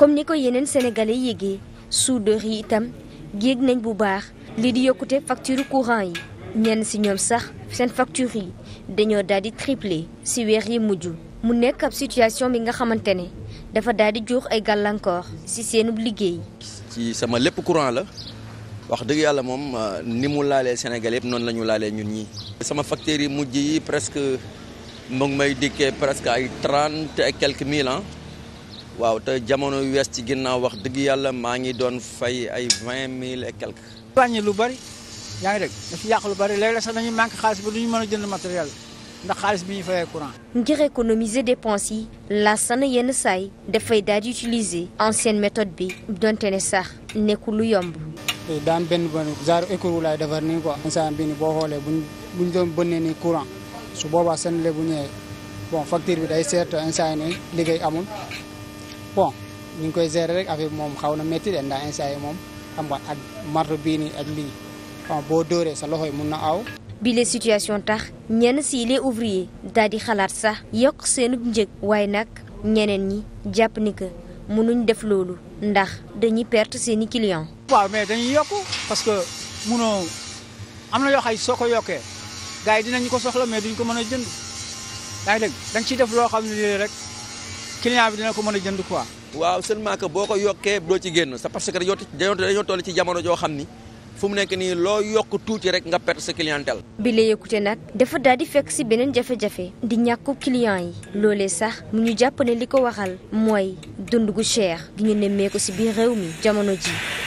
comme ni ko yeneen sénégalais yéegee soudeur yi itam géeg nañ bu baax lii di yokkute facture courant yi ñenn si ñoom sax seen facture yi dañoo daal di triplé si weer yi mujj mu nekk ab situation bi nga xamante ne dafa daal di jox ay gàllankoor si seenub liggéey. ci sama lépp courant la wax dëgg yàlla moom euh, ni mu laalee Sénégal yëpp noonu lañu ñu laalee ñun ñii. sama facteurs yi mujj yi presque mu ngi may dikkee presque ay trente et quelques mille ans. waaw te jamono yu wees ci ginnaaw wax dëgg yàlla maa ngi doon fay ay vingt mille et quelque. wàññi lu bari yaa ngi dégg dafa yàq lu bari léeg-léeg sax dañuy manqué xaalis bi du mën a jënd matériel ndax xaalis bi ñuy fayee courant. ngir économiser dépenses yi Lassana yenn saay dafay daal di utiliser ancienne méthode bi donte ne sax nekkul lu yomb. daan benn benn genre écrou laay defar nii ko instant bii nii boo xoolee buñ buñ doon bënnee nii courant su boobaa seen le bu ñëwee bon facture bi day seet instant yii nii liggéey amul. bon mu ngi koy gérer rek affaire bi moom xaw na métti de ndax instant moom xam nga ak marto bii nii ak lii xam boo dooree sa loxo yi mun na aw. bile situation tax ñenn si les ouvriers daal di xalaat sax yokk seenub njëg waaye nag ñeneen ñi jàpp ni que mënuñ def loolu ndax dañuy perte seeni clients. waaw mais dañuy yokk parce que munoo am na yoo xam soo ko yokkee gars yi dinañ ko soxla mais duñ ko mën a jënd yaa ngi dañ ciy def loo xam ne rek. client bi dana ko mën a jënd quoi. waaw seulement boo ko yokkee doo ci génn sa parce que dañoo dañoo dañoo toll ci jamono joo xam ni fu mu nekk nii loo yokk tuuti rek nga perte sa clientèle. bi la yëkkute nag dafa daal di fekk si beneen jafe-jafe di ñàkku client yi loolee sax mu ñu jàpp li ko waxal mooy dund gu cher gi ñu nemmee ko si biir réew mi jamono ji